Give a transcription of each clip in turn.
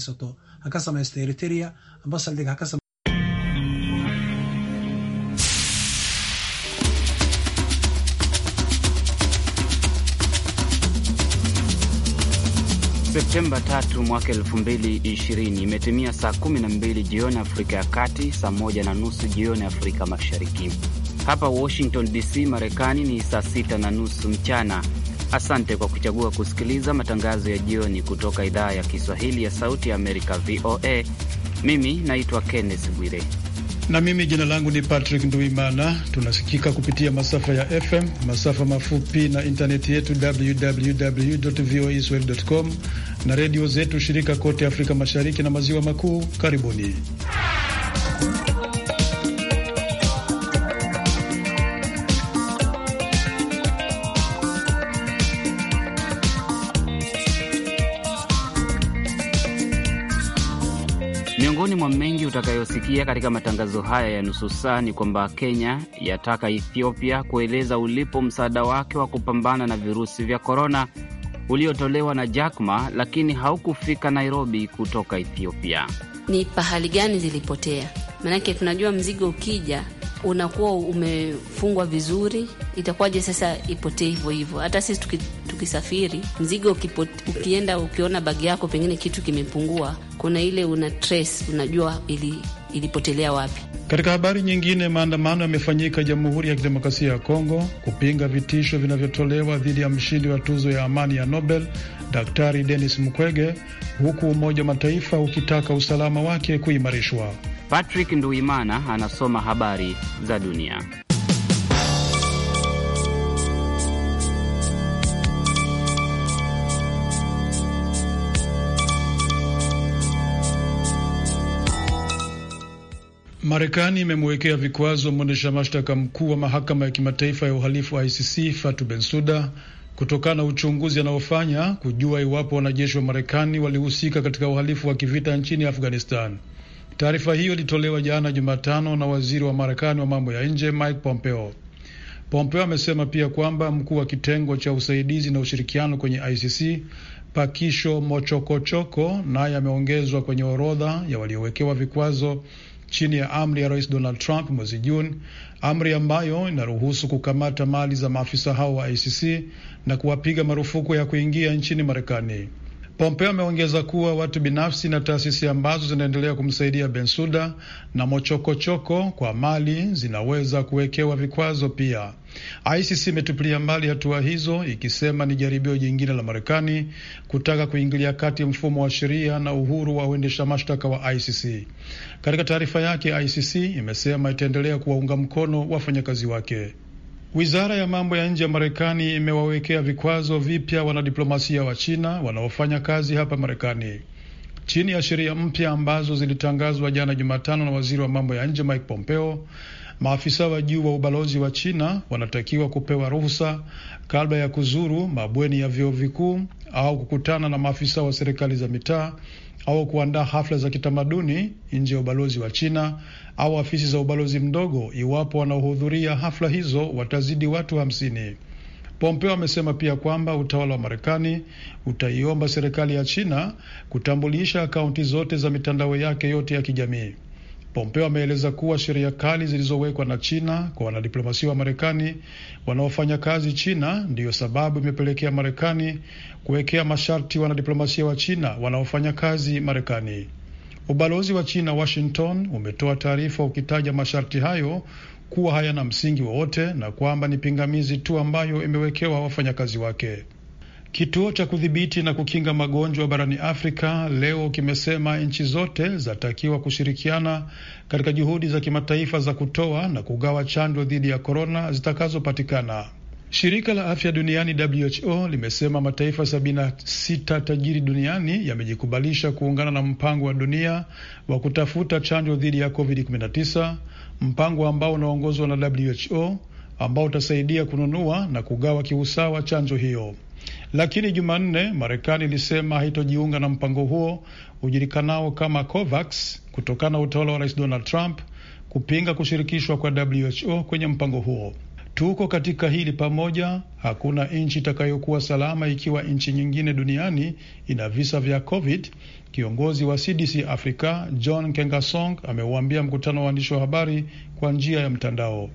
Soto, haka samaysta Eritrea, ambasaldiga haka sam Septemba 3 mwaka 2020 imetimia saa 12 jioni Afrika ya Kati, saa moja na nusu jioni Afrika Mashariki. Hapa Washington DC, Marekani ni saa sita na nusu mchana. Asante kwa kuchagua kusikiliza matangazo ya jioni kutoka idhaa ya Kiswahili ya Sauti ya Amerika, VOA. Mimi naitwa Kenneth Bwire na mimi jina langu ni Patrick Nduimana. Tunasikika kupitia masafa ya FM, masafa mafupi na intaneti yetu www.voaswahili.com na redio zetu shirika kote Afrika Mashariki na Maziwa Makuu. Karibuni Miongoni mwa mengi utakayosikia katika matangazo haya ya nusu saa ni kwamba Kenya yataka Ethiopia kueleza ulipo msaada wake wa kupambana na virusi vya korona uliotolewa na Jakma lakini haukufika Nairobi kutoka Ethiopia. Ni pahali gani zilipotea? Maanake tunajua mzigo ukija unakuwa umefungwa vizuri, itakuwaje sasa ipotee hivyo hivyo? Hata sisi ukisafiri, mzigo ukipot, ukienda ukiona bagi yako pengine kitu kimepungua, kuna ile una trace, unajua ili ilipotelea wapi. Katika habari nyingine, maandamano yamefanyika Jamhuri ya Kidemokrasia ya Kongo kupinga vitisho vinavyotolewa dhidi ya mshindi wa tuzo ya amani ya Nobel Daktari Denis Mukwege, huku Umoja wa Mataifa ukitaka usalama wake kuimarishwa. Patrick Nduimana anasoma habari za dunia. Marekani imemwekea vikwazo mwendesha mashtaka mkuu wa mahakama ya kimataifa ya uhalifu wa ICC Fatu Bensuda kutokana na uchunguzi anaofanya kujua iwapo wanajeshi wa Marekani walihusika katika uhalifu wa kivita nchini Afghanistan. Taarifa hiyo ilitolewa jana Jumatano na waziri wa Marekani wa mambo ya nje Mike Pompeo. Pompeo amesema pia kwamba mkuu wa kitengo cha usaidizi na ushirikiano kwenye ICC Pakisho Mochokochoko naye ameongezwa kwenye orodha ya waliowekewa vikwazo chini ya amri ya Rais Donald Trump mwezi Juni, amri ambayo inaruhusu kukamata mali za maafisa hao wa ICC na kuwapiga marufuku ya kuingia nchini Marekani. Pompeo ameongeza kuwa watu binafsi na taasisi ambazo zinaendelea kumsaidia Bensuda na mochokochoko kwa mali zinaweza kuwekewa vikwazo pia. ICC imetupilia mbali hatua hizo ikisema ni jaribio jingine la Marekani kutaka kuingilia kati mfumo wa sheria na uhuru wa uendesha mashtaka wa ICC. Katika taarifa yake, ICC imesema itaendelea kuwaunga mkono wafanyakazi wake. Wizara ya mambo ya nje ya Marekani imewawekea vikwazo vipya wanadiplomasia wa China wanaofanya kazi hapa Marekani chini ya sheria mpya ambazo zilitangazwa jana Jumatano na waziri wa mambo ya nje Mike Pompeo. Maafisa wa juu wa ubalozi wa China wanatakiwa kupewa ruhusa kabla ya kuzuru mabweni ya vyuo vikuu au kukutana na maafisa wa serikali za mitaa au kuandaa hafla za kitamaduni nje ya ubalozi wa China au afisi za ubalozi mdogo iwapo wanaohudhuria hafla hizo watazidi watu hamsini. Pompeo amesema pia kwamba utawala wa Marekani utaiomba serikali ya China kutambulisha akaunti zote za mitandao yake yote ya kijamii. Pompeo ameeleza kuwa sheria kali zilizowekwa na China kwa wanadiplomasia wa Marekani wanaofanya kazi China ndiyo sababu imepelekea Marekani kuwekea masharti wanadiplomasia wa China wanaofanya kazi Marekani. Ubalozi wa China Washington umetoa taarifa ukitaja masharti hayo kuwa hayana msingi wowote na kwamba ni pingamizi tu ambayo imewekewa wafanyakazi wake. Kituo cha kudhibiti na kukinga magonjwa barani Afrika leo kimesema nchi zote zatakiwa kushirikiana katika juhudi za kimataifa za kutoa na kugawa chanjo dhidi ya korona zitakazopatikana. Shirika la afya duniani WHO limesema mataifa 76 tajiri duniani yamejikubalisha kuungana na mpango wa dunia wa kutafuta chanjo dhidi ya COVID-19, mpango ambao unaongozwa na WHO ambao utasaidia kununua na kugawa kiusawa chanjo hiyo. Lakini Jumanne, Marekani ilisema haitojiunga na mpango huo ujulikanao kama COVAX kutokana na utawala wa Rais Donald Trump kupinga kushirikishwa kwa WHO kwenye mpango huo. Tuko katika hili pamoja. Hakuna nchi itakayokuwa salama ikiwa nchi nyingine duniani ina visa vya COVID. Kiongozi wa CDC Afrika John Kengasong ameuambia mkutano wa waandishi wa habari kwa njia ya mtandao.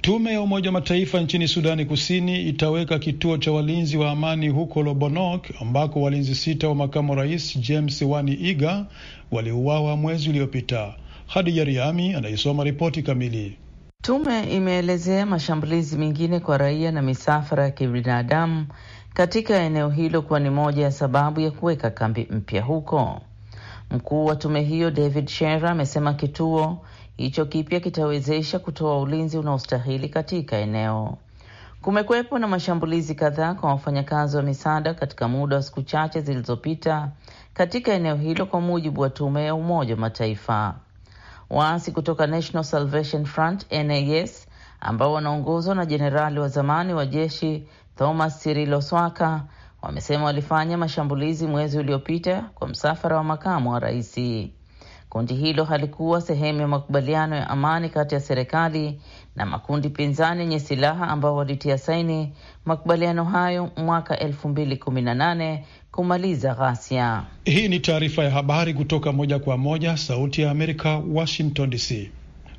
Tume ya Umoja wa Mataifa nchini Sudani Kusini itaweka kituo cha walinzi wa amani huko Lobonok ambako walinzi sita wa makamu rais James Wani Iga waliuawa mwezi uliopita. Hadija Riami anaisoma ripoti kamili. Tume imeelezea mashambulizi mengine kwa raia na misafara ya kibinadamu katika eneo hilo kuwa ni moja ya sababu ya kuweka kambi mpya huko. Mkuu wa tume hiyo David Shera amesema kituo hicho kipya kitawezesha kutoa ulinzi unaostahili katika eneo. Kumekuwepo na mashambulizi kadhaa kwa wafanyakazi wa misaada katika muda wa siku chache zilizopita katika eneo hilo, kwa mujibu wa tume ya Umoja wa Mataifa. Waasi kutoka National Salvation Front NAS ambao wanaongozwa na jenerali wa zamani wa jeshi Thomas Sirilo Swaka wamesema walifanya mashambulizi mwezi uliopita kwa msafara wa makamu wa raisi. Kundi hilo halikuwa sehemu ya makubaliano ya amani kati ya serikali na makundi pinzani yenye silaha ambao walitia saini makubaliano hayo mwaka 2018 kumaliza ghasia. Hii ni taarifa ya habari kutoka moja kwa moja, Sauti ya Amerika, Washington DC.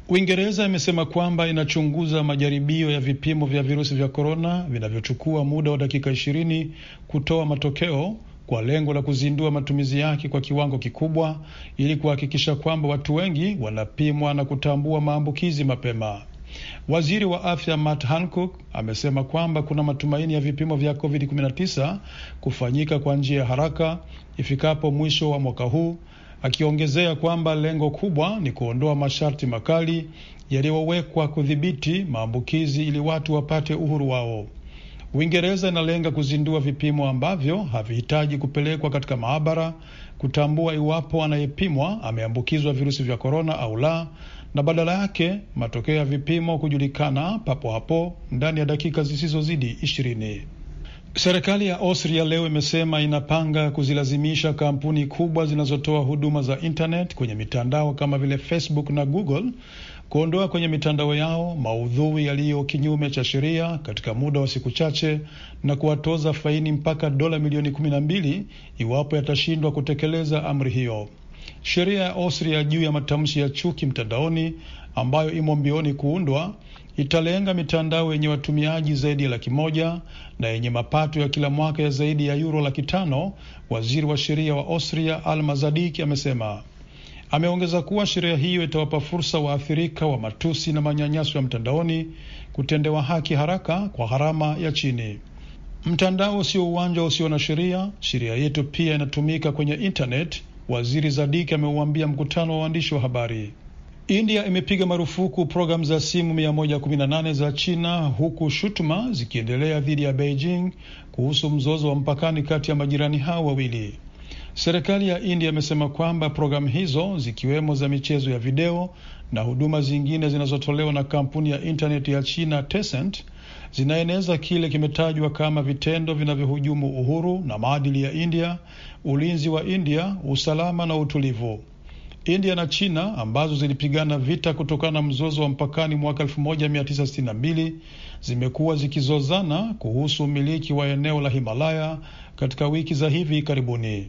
Uingereza imesema kwamba inachunguza majaribio ya vipimo vya virusi vya korona vinavyochukua muda wa dakika ishirini kutoa matokeo kwa lengo la kuzindua matumizi yake kwa kiwango kikubwa ili kuhakikisha kwamba watu wengi wanapimwa na kutambua maambukizi mapema. Waziri wa afya Matt Hancock amesema kwamba kuna matumaini ya vipimo vya COVID-19 kufanyika kwa njia ya haraka ifikapo mwisho wa mwaka huu, akiongezea kwamba lengo kubwa ni kuondoa masharti makali yaliyowekwa kudhibiti maambukizi ili watu wapate uhuru wao. Uingereza inalenga kuzindua vipimo ambavyo havihitaji kupelekwa katika maabara kutambua iwapo anayepimwa ameambukizwa virusi vya korona au la, na badala yake matokeo ya vipimo kujulikana papo hapo ndani ya dakika zisizozidi ishirini. Serikali ya Austria leo imesema inapanga kuzilazimisha kampuni kubwa zinazotoa huduma za intanet kwenye mitandao kama vile Facebook na Google kuondoa kwenye mitandao yao maudhui yaliyo kinyume cha sheria katika muda wa siku chache na kuwatoza faini mpaka dola milioni kumi na mbili iwapo yatashindwa kutekeleza amri hiyo. Sheria ya Austria juu ya matamshi ya chuki mtandaoni ambayo imo mbioni kuundwa italenga mitandao yenye watumiaji zaidi ya laki moja na yenye mapato ya kila mwaka ya zaidi ya yuro laki tano. Waziri wa sheria wa Austria Alma amesema Ameongeza kuwa sheria hiyo itawapa fursa waathirika wa matusi na manyanyaso ya mtandaoni kutendewa haki haraka kwa gharama ya chini. Mtandao sio uwanja usio na sheria, sheria yetu pia inatumika kwenye intanet, waziri Zadiki ameuambia mkutano wa waandishi wa habari. India imepiga marufuku programu za simu 118 za China huku shutuma zikiendelea dhidi ya Beijing kuhusu mzozo wa mpakani kati ya majirani hao wawili. Serikali ya India imesema kwamba programu hizo zikiwemo za michezo ya video na huduma zingine zinazotolewa na kampuni ya intaneti ya China Tencent zinaeneza kile kimetajwa kama vitendo vinavyohujumu uhuru na maadili ya India, ulinzi wa India, usalama na utulivu. India na China ambazo zilipigana vita kutokana na mzozo wa mpakani mwaka 1962 zimekuwa zikizozana kuhusu umiliki wa eneo la Himalaya katika wiki za hivi karibuni.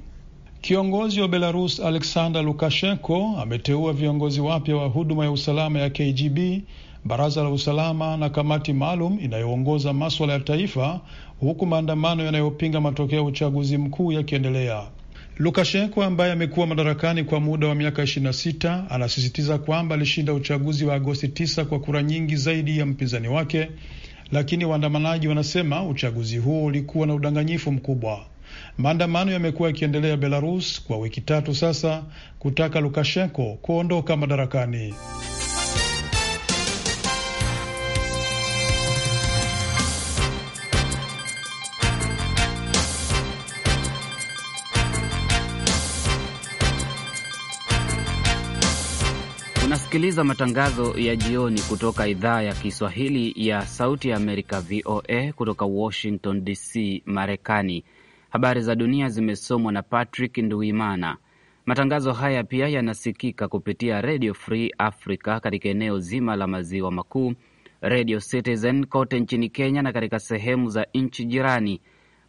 Kiongozi wa Belarus Alexander Lukashenko ameteua viongozi wapya wa huduma ya usalama ya KGB, baraza la usalama na kamati maalum inayoongoza maswala ya taifa, huku maandamano yanayopinga matokeo ya uchaguzi mkuu yakiendelea. Lukashenko ambaye amekuwa madarakani kwa muda wa miaka 26 anasisitiza kwamba alishinda uchaguzi wa Agosti 9 kwa kura nyingi zaidi ya mpinzani wake, lakini waandamanaji wanasema uchaguzi huo ulikuwa na udanganyifu mkubwa. Maandamano yamekuwa yakiendelea Belarus kwa wiki tatu sasa kutaka Lukashenko kuondoka madarakani. Unasikiliza matangazo ya jioni kutoka idhaa ya Kiswahili ya Sauti ya Amerika, VOA, kutoka Washington DC, Marekani. Habari za dunia zimesomwa na Patrick Nduimana. Matangazo haya pia yanasikika kupitia Radio Free Africa katika eneo zima la maziwa makuu, Radio Citizen kote nchini Kenya na katika sehemu za nchi jirani,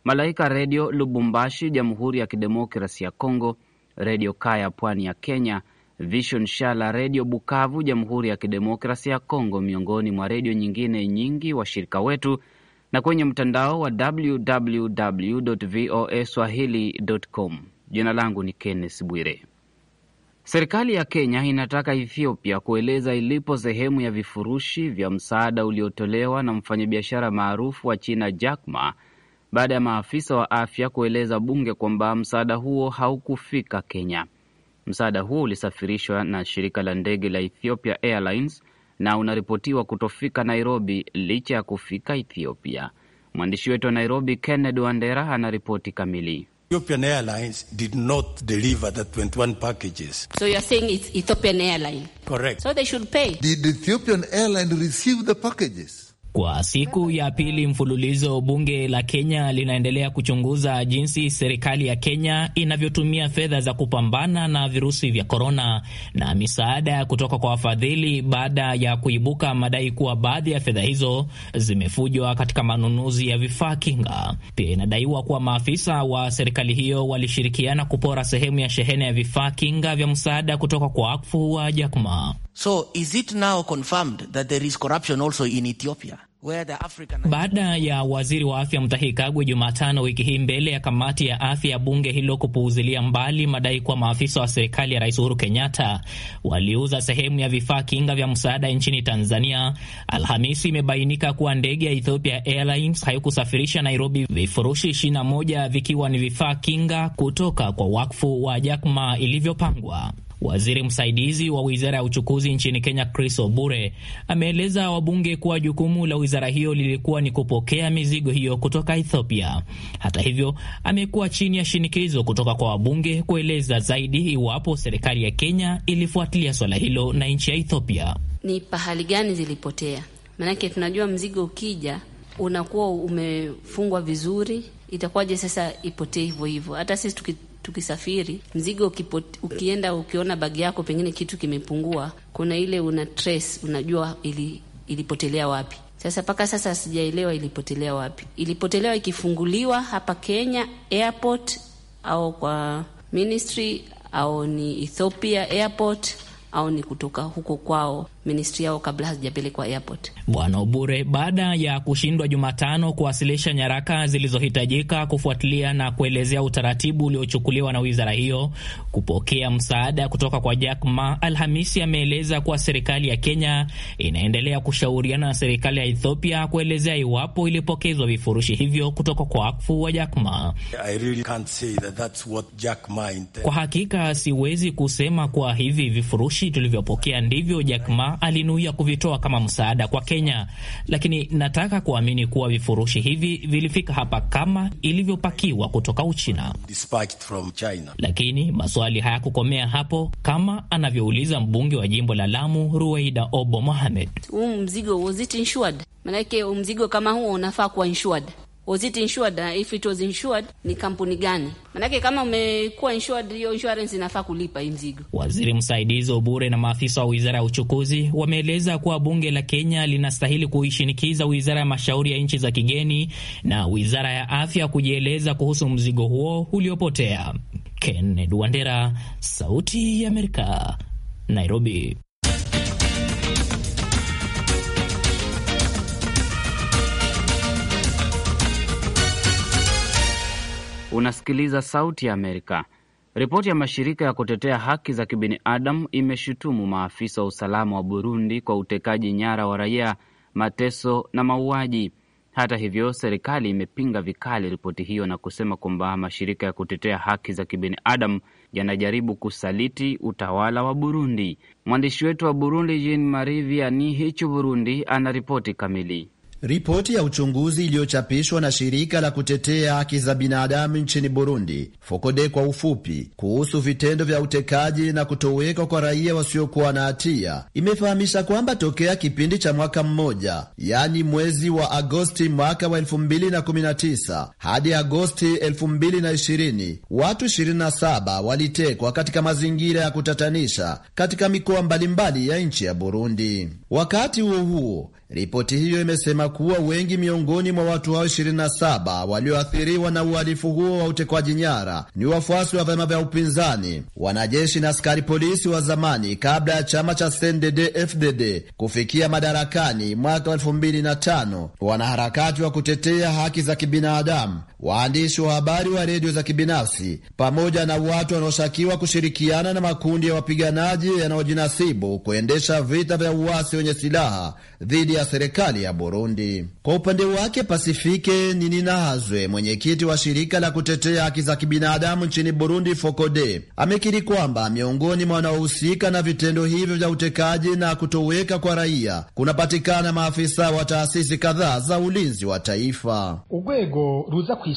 Malaika Redio Lubumbashi, Jamhuri ya Kidemokrasi ya congo Redio Kaya pwani ya Kenya, Vision Shala Redio Bukavu, Jamhuri ya Kidemokrasi ya congo miongoni mwa redio nyingine nyingi washirika wetu na kwenye mtandao wa www voa swahili com. Jina langu ni Kenneth Bwire. Serikali ya Kenya inataka Ethiopia kueleza ilipo sehemu ya vifurushi vya msaada uliotolewa na mfanyabiashara maarufu wa China Jack Ma baada ya maafisa wa afya kueleza bunge kwamba msaada huo haukufika Kenya. Msaada huo ulisafirishwa na shirika la ndege la Ethiopia Airlines na unaripotiwa kutofika Nairobi licha ya kufika Ethiopia. Mwandishi wetu wa Nairobi, kenned Wandera, ripoti kamili. Ethiopian Airlines did not deliver the 21 packages. So saying it's Ethiopian Airline? Correct. So they should pay. Did Ethiopian Airline receive the packages? Kwa siku ya pili mfululizo, bunge la Kenya linaendelea kuchunguza jinsi serikali ya Kenya inavyotumia fedha za kupambana na virusi vya korona na misaada kutoka kwa wafadhili, baada ya kuibuka madai kuwa baadhi ya fedha hizo zimefujwa katika manunuzi ya vifaa kinga. Pia inadaiwa kuwa maafisa wa serikali hiyo walishirikiana kupora sehemu ya shehena ya vifaa kinga vya msaada kutoka kwa wakfu wa Jakma. So is it now confirmed that there is corruption also in Ethiopia? Baada ya waziri wa afya Mutahi Kagwe Jumatano wiki hii mbele ya kamati ya afya ya bunge hilo kupuuzilia mbali madai kuwa maafisa wa serikali ya Rais Uhuru Kenyatta waliuza sehemu ya vifaa kinga vya msaada nchini Tanzania, Alhamisi imebainika kuwa ndege ya Ethiopia Airlines haikusafirisha Nairobi vifurushi 21 vikiwa ni vifaa kinga kutoka kwa wakfu wa Jakma ilivyopangwa. Waziri msaidizi wa wizara ya uchukuzi nchini Kenya, Chris Obure, ameeleza wabunge kuwa jukumu la wizara hiyo lilikuwa ni kupokea mizigo hiyo kutoka Ethiopia. Hata hivyo, amekuwa chini ya shinikizo kutoka kwa wabunge kueleza zaidi iwapo serikali ya Kenya ilifuatilia swala hilo na nchi ya Ethiopia ni pahali gani zilipotea. Maanake tunajua mzigo ukija unakuwa umefungwa vizuri itakuwaje sasa ipotee hivyo hivyo? Hata sisi tuki tukisafiri mzigo ukipote, ukienda ukiona bagi yako pengine kitu kimepungua, kuna ile una trace, unajua ili, ilipotelea wapi. Sasa mpaka sasa sijaelewa ilipotelea wapi. Ilipotelewa ikifunguliwa hapa Kenya airport au kwa ministry au ni Ethiopia airport au ni kutoka huko kwao ministri yao kabla hazijapelekwa airport. Bwana Obure, baada ya kushindwa Jumatano kuwasilisha nyaraka zilizohitajika kufuatilia na kuelezea utaratibu uliochukuliwa na wizara hiyo kupokea msaada kutoka kwa Jack Ma, Alhamisi ameeleza kuwa serikali ya Kenya inaendelea kushauriana na serikali ya Ethiopia kuelezea iwapo ilipokezwa vifurushi hivyo kutoka kwa wakfu wa Jack Ma. I really can't say that that's what Jack Ma. Kwa hakika siwezi kusema kuwa hivi vifurushi tulivyopokea ndivyo Jack Ma alinuia kuvitoa kama msaada kwa Kenya, lakini nataka kuamini kuwa vifurushi hivi vilifika hapa kama ilivyopakiwa kutoka Uchina. Lakini maswali hayakukomea hapo, kama anavyouliza mbunge wa jimbo la Lamu Ruweida Obo Mohamed. Huu mzigo was it insured? mzigo kama huo unafaa kuwa insured. Was it insured? Uh, if it was insured, ni kampuni gani? Manake kama umekuwa insured, hiyo insurance inafaa kulipa hii mzigo. Waziri msaidizi Obure na maafisa wa wizara ya uchukuzi wameeleza kuwa bunge la Kenya linastahili kuishinikiza wizara ya mashauri ya nchi za kigeni na wizara ya afya kujieleza kuhusu mzigo huo uliopotea. Kenneth Wandera, Sauti ya Amerika, Nairobi. Unasikiliza Sauti ya Amerika. Ripoti ya mashirika ya kutetea haki za kibinadamu imeshutumu maafisa wa usalama wa Burundi kwa utekaji nyara wa raia, mateso na mauaji. Hata hivyo, serikali imepinga vikali ripoti hiyo na kusema kwamba mashirika ya kutetea haki za kibinadamu yanajaribu kusaliti utawala wa Burundi. Mwandishi wetu wa Burundi, Jean Marie Vianney hichu Burundi, ana ripoti kamili. Ripoti ya uchunguzi iliyochapishwa na shirika la kutetea haki za binadamu nchini Burundi, Fokode kwa ufupi, kuhusu vitendo vya utekaji na kutoweka kwa raia wasiokuwa na hatia imefahamisha kwamba tokea kipindi cha mwaka mmoja, yaani mwezi wa Agosti mwaka wa 2019 hadi Agosti 2020, watu 27 walitekwa katika mazingira ya kutatanisha katika mikoa mbalimbali ya nchi ya Burundi. Wakati huo huo Ripoti hiyo imesema kuwa wengi miongoni mwa watu hao 27 walioathiriwa na uhalifu huo wa utekwaji nyara ni wafuasi wa vyama vya upinzani, wanajeshi na askari polisi wa zamani kabla ya chama cha CNDD-FDD kufikia madarakani mwaka 2005, wanaharakati wa kutetea haki za kibinadamu, waandishi wa habari wa redio za kibinafsi, pamoja na watu wanaoshukiwa kushirikiana na makundi ya wapiganaji yanayojinasibu kuendesha vita vya uasi wenye silaha dhidi ya serikali ya Burundi. Kwa upande wake, Pasifike hazwe mwenyekiti wa shirika la kutetea haki za kibinadamu nchini Burundi, Fokode, amekiri kwamba miongoni mwa wanaohusika na vitendo hivyo vya utekaji na kutoweka kwa raia kunapatikana maafisa wa taasisi kadhaa za ulinzi wa taifa. Ugwego ruza ku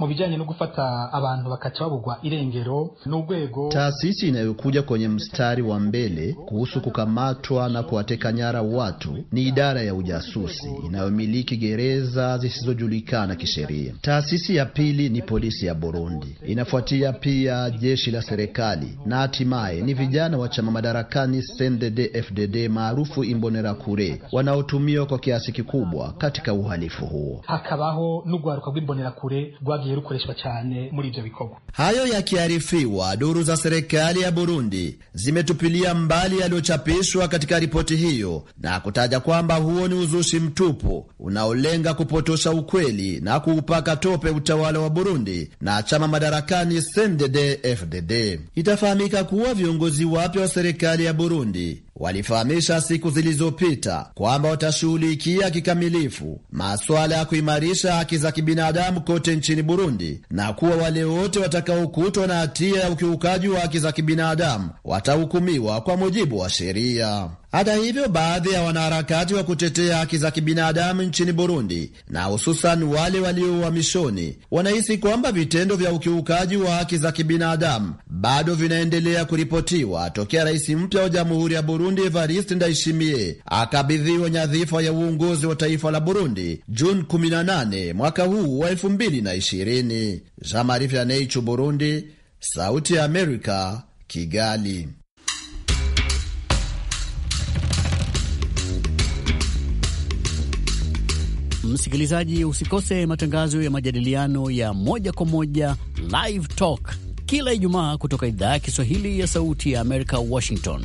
mu bijanye no gufata abantu bakati babugwa irengero ni urwego taasisi inayokuja kwenye mstari wa mbele kuhusu kukamatwa na kuwateka nyara watu ni idara idara ya ujasusi inayomiliki gereza zisizojulikana kisheria. Taasisi ya pili ni polisi ya Burundi, inafuatia pia jeshi la serikali na hatimaye ni vijana wa chama madarakani CNDD-FDD maarufu Imbonerakure wanaotumiwa kwa kiasi kikubwa katika uhalifu huo. hakabaho n'ugwaruka rw'imbonerakure rwagiye rukoreshwa cyane muri ivyo bikorwa. Hayo yakiarifiwa, duru za serikali ya Burundi zimetupilia mbali yaliyochapishwa katika ripoti hiyo na kutaja kwamba huo ni uzushi mtupu unaolenga kupotosha ukweli na kuupaka tope utawala wa Burundi na chama madarakani CNDD-FDD. Itafahamika kuwa viongozi wapya wa serikali ya Burundi walifahamisha siku zilizopita kwamba watashughulikia kikamilifu masuala ya kuimarisha haki za kibinadamu kote nchini Burundi na kuwa wale wote watakaokutwa na hatia ya ukiukaji wa haki za kibinadamu watahukumiwa kwa mujibu wa sheria. Hata hivyo, baadhi ya wanaharakati wa kutetea haki za kibinadamu nchini Burundi na hususan wale walio uhamishoni wanahisi kwamba vitendo vya ukiukaji wa haki za kibinadamu bado vinaendelea kuripotiwa tokea rais mpya wa Jamhuri ya Burundi Burundi Evariste Ndayishimiye akabidhiwa nyadhifa ya uongozi wa taifa la Burundi Juni 18 mwaka huu wa 2020. Jean ya Vianney, Burundi, Sauti ya Amerika, Kigali. Msikilizaji, usikose matangazo ya majadiliano ya moja kwa moja Live Talk kila Ijumaa kutoka idhaa ya Kiswahili ya Sauti ya Amerika, Washington.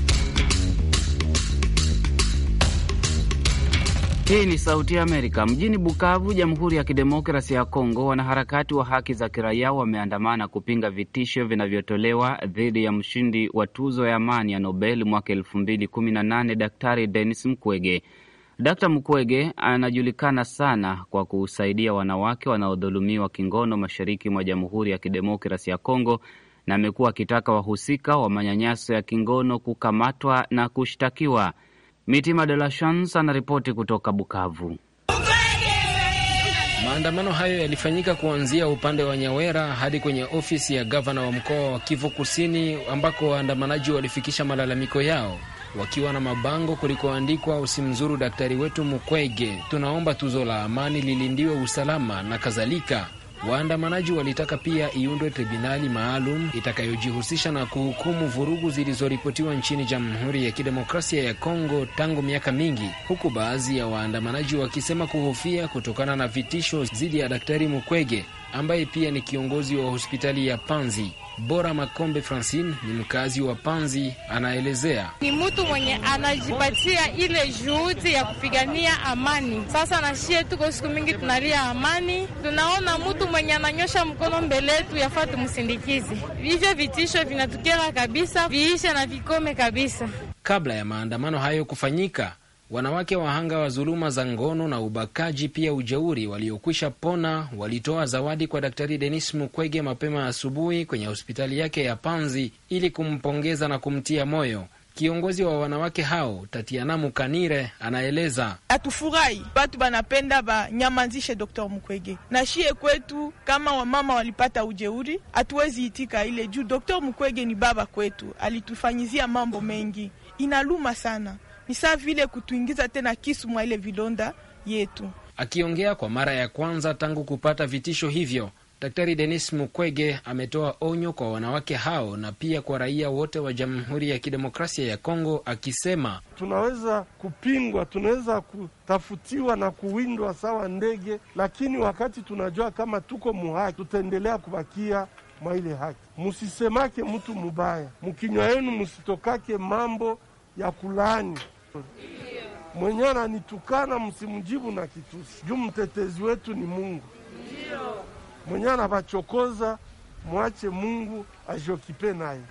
Hii ni Sauti ya Amerika. Mjini Bukavu, Jamhuri ya Kidemokrasia ya Kongo, wanaharakati wa haki za kiraia wameandamana kupinga vitisho vinavyotolewa dhidi ya mshindi wa tuzo ya amani ya Nobel mwaka elfu mbili kumi na nane Daktari Denis Mukwege. Dkt Mukwege anajulikana sana kwa kusaidia wanawake wanaodhulumiwa kingono mashariki mwa Jamhuri ya kidemokrasi ya Kongo na amekuwa akitaka wahusika wa manyanyaso ya kingono kukamatwa na kushtakiwa. Mitima de la Chance anaripoti kutoka Bukavu. Maandamano hayo yalifanyika kuanzia upande wa Nyawera hadi kwenye ofisi ya gavana wa mkoa wa Kivu Kusini, ambako waandamanaji walifikisha malalamiko yao wakiwa na mabango kulikoandikwa usimzuru daktari wetu Mukwege, tunaomba tuzo la amani lilindiwe usalama na kadhalika. Waandamanaji walitaka pia iundwe tribunali maalum itakayojihusisha na kuhukumu vurugu zilizoripotiwa nchini Jamhuri ya Kidemokrasia ya Kongo tangu miaka mingi, huku baadhi ya waandamanaji wakisema kuhofia kutokana na vitisho dhidi ya Daktari Mukwege ambaye pia ni kiongozi wa hospitali ya Panzi. Bora Makombe Francine ni mkazi wa Panzi, anaelezea ni mtu mwenye anajipatia ile juhudi ya kupigania amani. Sasa nashie tuko siku mingi tunalia amani, tunaona mtu mwenye ananyosha mkono mbele yetu, yafaa tumsindikize. Hivyo vitisho vinatukera kabisa, viisha na vikome kabisa. Kabla ya maandamano hayo kufanyika Wanawake wahanga wa dhuluma za ngono na ubakaji pia ujeuri waliokwisha pona walitoa zawadi kwa Daktari Denis Mukwege mapema asubuhi kwenye hospitali yake ya Panzi ili kumpongeza na kumtia moyo. Kiongozi wa wanawake hao Tatiana Mukanire anaeleza: hatufurahi batu banapenda banyamanzishe Dr Mukwege na shie kwetu, kama wamama walipata ujeuri, hatuwezi itika ile juu Dr Mukwege ni baba kwetu, alitufanyizia mambo mengi, inaluma sana ni saa vile kutuingiza tena kisu mwa ile vidonda yetu. Akiongea kwa mara ya kwanza tangu kupata vitisho hivyo, Daktari Denis Mukwege ametoa onyo kwa wanawake hao na pia kwa raia wote wa Jamhuri ya Kidemokrasia ya Kongo, akisema tunaweza kupingwa, tunaweza kutafutiwa na kuwindwa sawa ndege, lakini wakati tunajua kama tuko muhaki, tutaendelea kubakia mwa ile haki. Musisemake mtu mubaya, mukinywa yenu musitokake mambo ya kulani Mwenye ananitukana msimjibu na kitusi, juu mtetezi wetu ni Mungu. Mwenye anavachokoza mwache Mungu ajiokipe naye.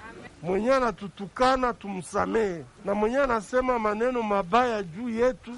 Mwenye anatutukana tumsamehe, na mwenye anasema maneno mabaya juu yetu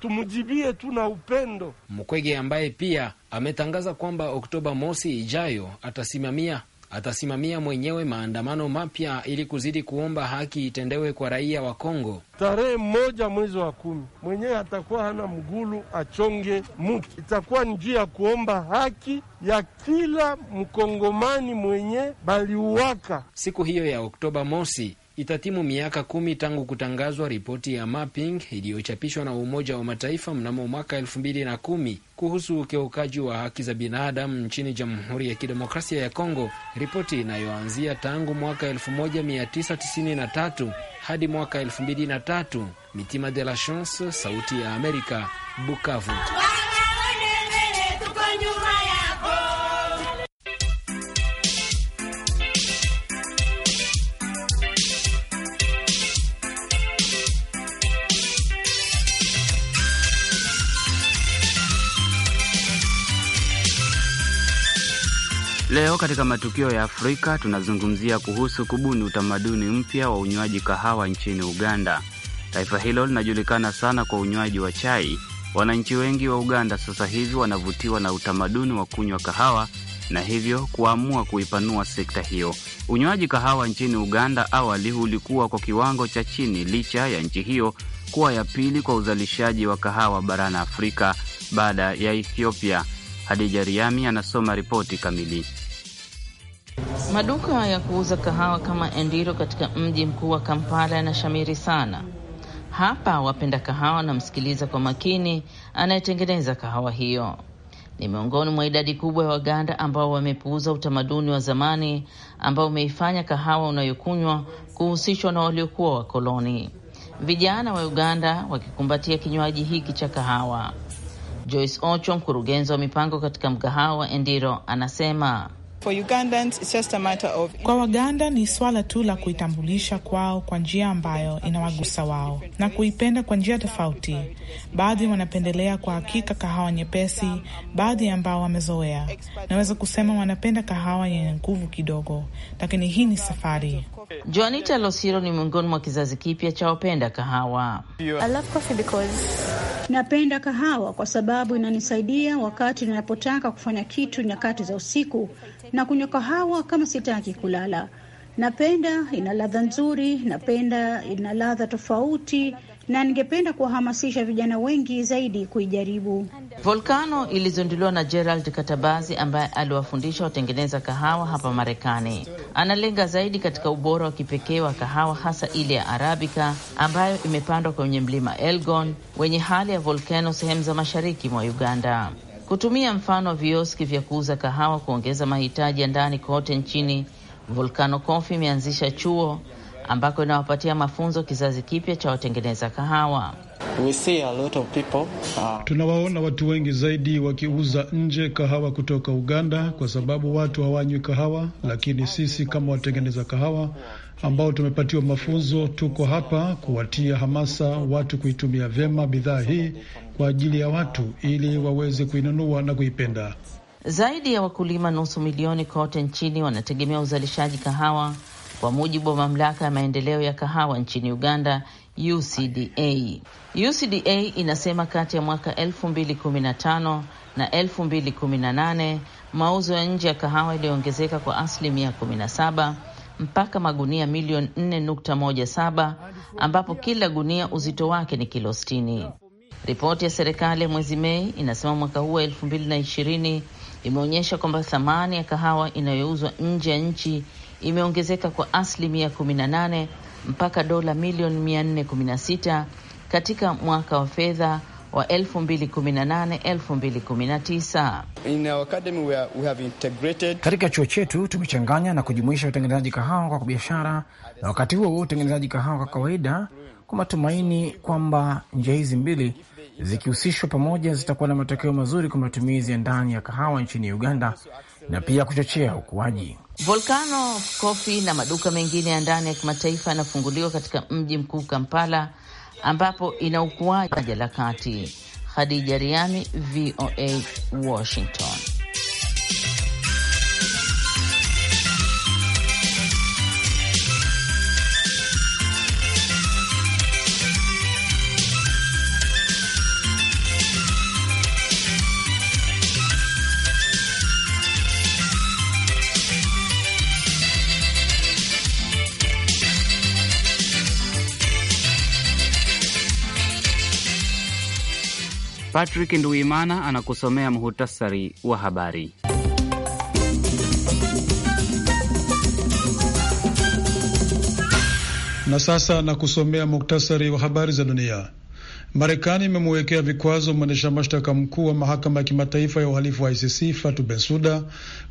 tumjibie tu na upendo. Mkwege ambaye pia ametangaza kwamba Oktoba mosi ijayo atasimamia atasimamia mwenyewe maandamano mapya ili kuzidi kuomba haki itendewe kwa raia wa Kongo. Tarehe moja mwezi wa kumi mwenyewe atakuwa hana mgulu achonge mtu, itakuwa njia ya kuomba haki ya kila mkongomani mwenye baliuwaka siku hiyo ya Oktoba mosi. Itatimu miaka kumi tangu kutangazwa ripoti ya mapping iliyochapishwa na Umoja wa Mataifa mnamo mwaka elfu mbili na kumi kuhusu ukiukaji wa haki za binadamu nchini Jamhuri ya Kidemokrasia ya Kongo, ripoti inayoanzia tangu mwaka 1993 hadi mwaka 2003. Mitima de la Chance, Sauti ya Amerika, Bukavu. Leo katika matukio ya Afrika tunazungumzia kuhusu kubuni utamaduni mpya wa unywaji kahawa nchini Uganda. Taifa hilo linajulikana sana kwa unywaji wa chai. Wananchi wengi wa Uganda sasa hivi wanavutiwa na utamaduni wa kunywa kahawa na hivyo kuamua kuipanua sekta hiyo. Unywaji kahawa nchini Uganda awali ulikuwa kwa kiwango cha chini, licha ya nchi hiyo kuwa ya pili kwa uzalishaji wa kahawa barani Afrika baada ya Ethiopia. Hadija Riami anasoma ripoti kamili. Maduka ya kuuza kahawa kama Endiro katika mji mkuu wa Kampala yanashamiri sana. Hapa wapenda kahawa msikiliza kwa makini anayetengeneza kahawa hiyo. Ni miongoni mwa idadi kubwa ya Waganda ambao wamepuuza utamaduni wa zamani ambao umeifanya kahawa unayokunywa kuhusishwa na waliokuwa wakoloni. Vijana wa Uganda wakikumbatia kinywaji hiki cha kahawa. Joyce Ocho, mkurugenzi wa mipango katika mgahawa wa Endiro, anasema kwa Waganda ni swala tu la kuitambulisha kwao kwa njia ambayo inawagusa wao na kuipenda kwa njia tofauti. Baadhi wanapendelea kwa hakika kahawa nyepesi, baadhi ambao wamezoea. Naweza kusema wanapenda kahawa yenye nguvu kidogo, lakini hii ni safari. Joanita Losiro ni miongoni mwa kizazi kipya cha wapenda kahawa. I love coffee because Napenda kahawa kwa sababu inanisaidia wakati ninapotaka kufanya kitu nyakati za usiku, na kunywa kahawa kama sitaki kulala. Napenda ina ladha nzuri, napenda ina ladha tofauti na ningependa kuwahamasisha vijana wengi zaidi kuijaribu. Volkano ilizinduliwa na Gerald Katabazi ambaye aliwafundisha watengeneza kahawa hapa Marekani. Analenga zaidi katika ubora wa kipekee wa kahawa, hasa ile ya Arabika ambayo imepandwa kwenye mlima Elgon wenye hali ya volkano sehemu za mashariki mwa Uganda. Kutumia mfano wa vioski vya kuuza kahawa kuongeza mahitaji ya ndani kote nchini, Volcano Coffee imeanzisha chuo ambako inawapatia mafunzo kizazi kipya cha watengeneza kahawa. We see a lot of people, uh... tunawaona watu wengi zaidi wakiuza nje kahawa kutoka Uganda kwa sababu watu hawanywi kahawa, lakini sisi kama watengeneza kahawa ambao tumepatiwa mafunzo, tuko hapa kuwatia hamasa watu kuitumia vyema bidhaa hii kwa ajili ya watu ili waweze kuinunua na kuipenda. Zaidi ya wakulima nusu milioni kote nchini wanategemea uzalishaji kahawa kwa mujibu wa mamlaka ya maendeleo ya kahawa nchini Uganda, UCDA. UCDA inasema kati ya mwaka 2015 na 2018 mauzo ya nje ya kahawa iliyoongezeka kwa asilimia 17 mpaka magunia milioni 4.17 ambapo kila gunia uzito wake ni kilo 60. Ripoti ya serikali ya mwezi Mei inasema mwaka huu wa 2020 imeonyesha kwamba thamani ya kahawa inayouzwa nje ya nchi imeongezeka kwa asilimia 18 mpaka dola milioni 416 katika mwaka wa fedha wa 2018-2019. Katika chuo chetu tumechanganya na kujumuisha utengenezaji kahawa kwa biashara na wakati huo utengenezaji kahawa kwa kawaida, kwa matumaini kwamba njia hizi mbili zikihusishwa pamoja zitakuwa na matokeo mazuri kwa matumizi ya ndani ya kahawa nchini Uganda na pia kuchochea ukuaji. Volcano Coffee na maduka mengine ya ndani ya kimataifa yanafunguliwa katika mji mkuu Kampala, ambapo ina ukuaji la kati. Khadija Riami, VOA, Washington. Patrick Nduimana anakusomea muhutasari wa habari. Na sasa nakusomea muktasari wa habari za dunia. Marekani imemwekea vikwazo mwendesha mashtaka mkuu wa mahakama ya kimataifa ya uhalifu wa ICC Fatu Bensuda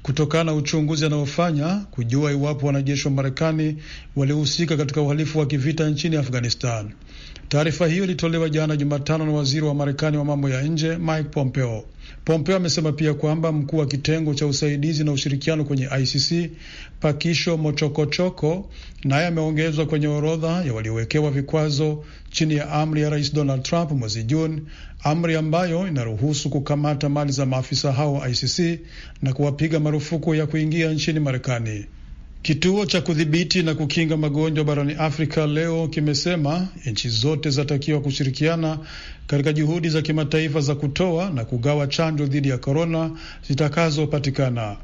kutokana na uchunguzi anaofanya kujua iwapo wanajeshi wa Marekani walihusika katika uhalifu wa kivita nchini Afghanistan. Taarifa hiyo ilitolewa jana Jumatano na waziri wa Marekani wa mambo ya nje Mike Pompeo. Pompeo amesema pia kwamba mkuu wa kitengo cha usaidizi na ushirikiano kwenye ICC Pakisho Mochokochoko naye ameongezwa kwenye orodha ya waliowekewa vikwazo chini ya amri ya Rais Donald Trump mwezi Juni, amri ambayo inaruhusu kukamata mali za maafisa hao wa ICC na kuwapiga marufuku ya kuingia nchini Marekani. Kituo cha kudhibiti na kukinga magonjwa barani Afrika leo kimesema nchi zote zinatakiwa kushirikiana katika juhudi za kimataifa za kutoa na kugawa chanjo dhidi ya korona zitakazopatikana.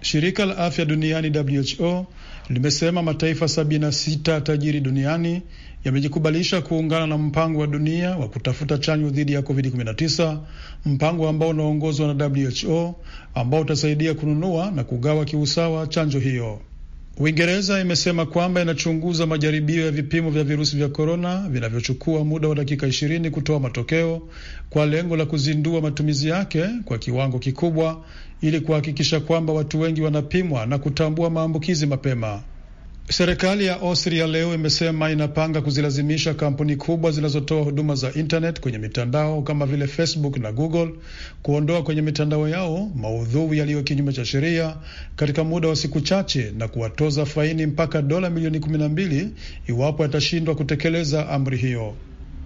Shirika la afya duniani WHO limesema mataifa 76 tajiri duniani yamejikubalisha kuungana na mpango wa dunia wa kutafuta chanjo dhidi ya COVID-19, mpango ambao unaongozwa na WHO ambao utasaidia kununua na kugawa kiusawa chanjo hiyo. Uingereza imesema kwamba inachunguza majaribio ya vipimo vya virusi vya korona vinavyochukua muda wa dakika ishirini kutoa matokeo kwa lengo la kuzindua matumizi yake kwa kiwango kikubwa ili kuhakikisha kwamba watu wengi wanapimwa na kutambua maambukizi mapema. Serikali ya Austria leo imesema inapanga kuzilazimisha kampuni kubwa zinazotoa huduma za internet kwenye mitandao kama vile Facebook na Google kuondoa kwenye mitandao yao maudhui yaliyo kinyume cha sheria katika muda wa siku chache na kuwatoza faini mpaka dola milioni kumi na mbili iwapo yatashindwa kutekeleza amri hiyo.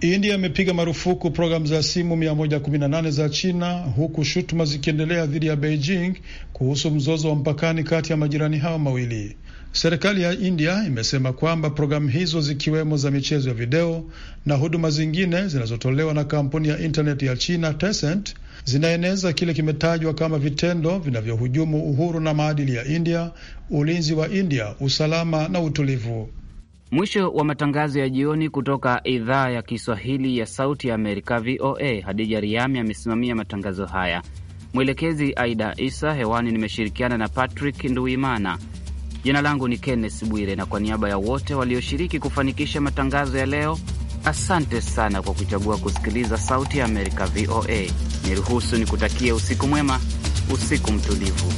India imepiga marufuku programu za simu 118 za China huku shutuma zikiendelea dhidi ya Beijing kuhusu mzozo wa mpakani kati ya majirani hao mawili. Serikali ya India imesema kwamba programu hizo zikiwemo za michezo ya video na huduma zingine zinazotolewa na kampuni ya intaneti ya China Tencent zinaeneza kile kimetajwa kama vitendo vinavyohujumu uhuru na maadili ya India, ulinzi wa India, usalama na utulivu. Mwisho wa matangazo ya jioni kutoka idhaa ya Kiswahili ya Sauti ya Amerika, VOA. Hadija Riami amesimamia matangazo haya, mwelekezi Aida Isa. Hewani nimeshirikiana na Patrick Nduimana. Jina langu ni Kenneth Bwire, na kwa niaba ya wote walioshiriki kufanikisha matangazo ya leo, asante sana kwa kuchagua kusikiliza Sauti ya Amerika, VOA. Niruhusu nikutakie usiku mwema, usiku mtulivu.